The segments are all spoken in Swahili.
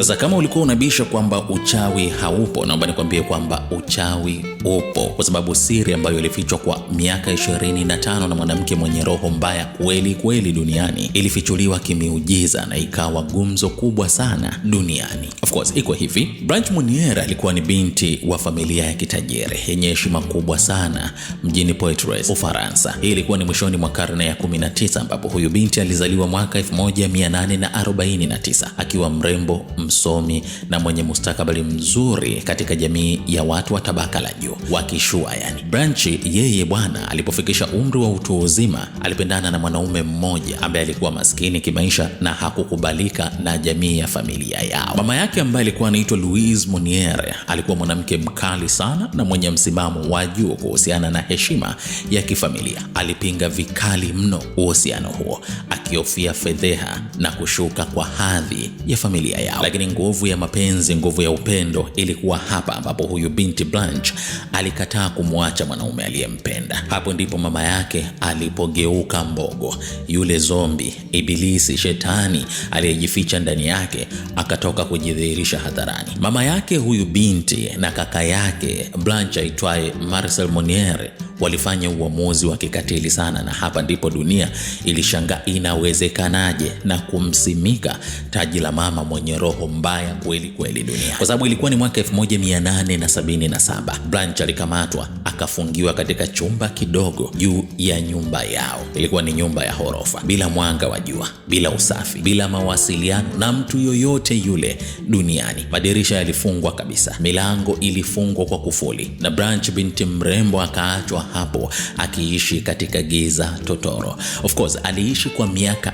Sasa kama ulikuwa unabisha kwamba uchawi haupo, naomba nikwambie kwamba uchawi upo, kwa sababu siri ambayo ilifichwa kwa miaka 25 na mwanamke mwenye roho mbaya kweli kweli duniani ilifichuliwa kimiujiza na ikawa gumzo kubwa sana duniani. Of course iko hivi, Blanche Munier alikuwa ni binti wa familia ya kitajiri yenye heshima kubwa sana mjini Poitiers, Ufaransa. Hii ilikuwa ni mwishoni mwa karne ya 19 ambapo huyu binti alizaliwa mwaka 1849 akiwa mrembo msomi na mwenye mustakabali mzuri katika jamii ya watu wa tabaka la juu wakishua. Yani Branch yeye bwana, alipofikisha umri wa utu uzima alipendana na mwanaume mmoja ambaye alikuwa maskini kimaisha na hakukubalika na jamii ya familia yao. Mama yake ambaye alikuwa anaitwa Louise Moniere alikuwa mwanamke mkali sana na mwenye msimamo wa juu kuhusiana na heshima ya kifamilia. Alipinga vikali mno uhusiano huo, akihofia fedheha na kushuka kwa hadhi ya familia yao, lakini lakini nguvu ya mapenzi, nguvu ya upendo ilikuwa hapa ambapo huyu binti Blanche alikataa kumwacha mwanaume aliyempenda. Hapo ndipo mama yake alipogeuka mbogo. Yule zombi, ibilisi, shetani aliyejificha ndani yake akatoka kujidhihirisha hadharani. Mama yake huyu binti na kaka yake Blanche aitwaye Marcel Monier walifanya uamuzi wa kikatili sana, na hapa ndipo dunia ilishangaa inawezekanaje, na kumsimika taji la mama mwenye roho mbaya kweli kweli dunia, kwa sababu ilikuwa ni mwaka 1877. Blanche alikamatwa akafungiwa katika chumba kidogo juu ya nyumba yao. Ilikuwa ni nyumba ya ghorofa, bila mwanga wa jua, bila usafi, bila mawasiliano na mtu yoyote yule duniani. Madirisha yalifungwa kabisa, milango ilifungwa kwa kufuli, na Branch binti mrembo akaachwa hapo akiishi katika giza totoro. Of course, aliishi kwa miaka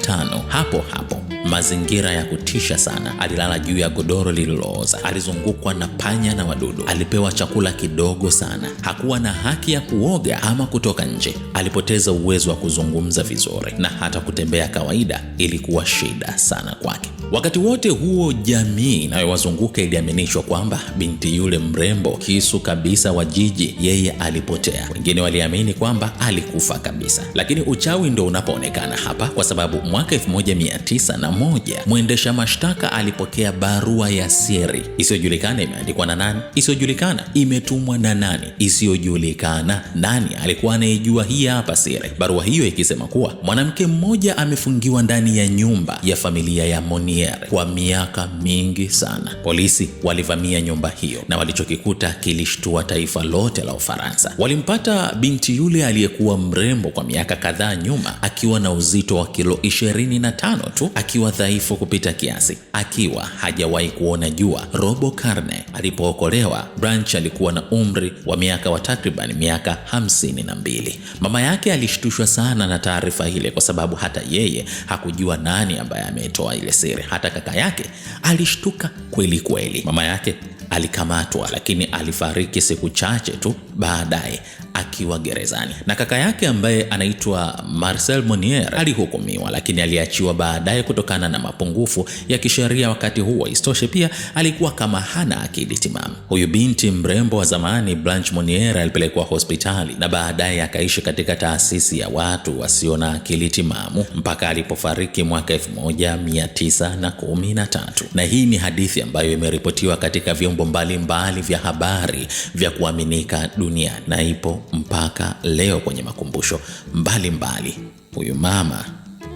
tano hapo hapo, mazingira ya kutisha sana. Alilala juu ya godoro lililooza, alizungukwa na panya na wadudu, alipewa chakula kidogo sana, hakuwa na haki ya kuoga ama kutoka nje. Alipoteza uwezo wa kuzungumza vizuri na hata kutembea kawaida ilikuwa shida sana kwake. Wakati wote huo, jamii inayowazunguka iliaminishwa kwamba binti yule mrembo kisu kabisa wa jiji, yeye alipotea. Wengine waliamini kwamba alikufa kabisa, lakini uchawi ndo unapoonekana hapa, kwa sababu mwaka 1901 mwendesha mashtaka alipokea barua ya siri isiyojulikana. Imeandikwa na nani? Isiyojulikana. Imetumwa na nani? Isiyojulikana. Nani alikuwa anayejua hii hapa siri. Barua hiyo ikisema kuwa mwanamke mmoja amefungiwa ndani ya nyumba ya familia ya Monier kwa miaka mingi sana. Polisi walivamia nyumba hiyo na walichokikuta kilishtua taifa lote la Ufaransa. Walimpata binti yule aliyekuwa mrembo kwa miaka kadhaa nyuma akiwa na uzito wa kilo 25 tu, akiwa dhaifu kupita kiasi, akiwa hajawahi kuona jua robo karne. Alipookolewa, Branch alikuwa na umri wa miaka wa takriban miaka hamsini na mbili. Mama yake alishtushwa sana na taarifa ile, kwa sababu hata yeye hakujua nani ambaye ametoa ile siri. Hata kaka yake alishtuka kweli kweli. Mama yake alikamatwa, lakini alifariki siku chache tu baadaye akiwa gerezani, na kaka yake ambaye anaitwa Marcel Monier alihukumiwa, lakini aliachiwa baadaye kutokana na mapungufu ya kisheria wakati huo. Isitoshe pia alikuwa kama hana akili timamu. Huyu binti mrembo wa zamani Blanche Monier alipelekwa hospitali na baadaye akaishi katika taasisi ya watu wasio na akili timamu mpaka alipofariki mwaka 1913 na, na hii ni hadithi ambayo imeripotiwa katika vyombo mbalimbali vya habari vya kuaminika duniani na ipo mpaka leo kwenye makumbusho mbalimbali. Huyu mama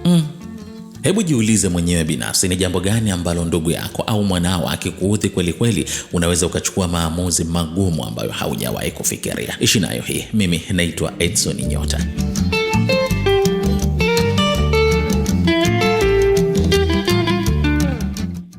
mm. Hebu jiulize mwenyewe binafsi, ni jambo gani ambalo ndugu yako au mwanao akikuudhi kweli kweli, unaweza ukachukua maamuzi magumu ambayo haujawahi kufikiria. Ishi nayo hii. Mimi naitwa Edson Nyota.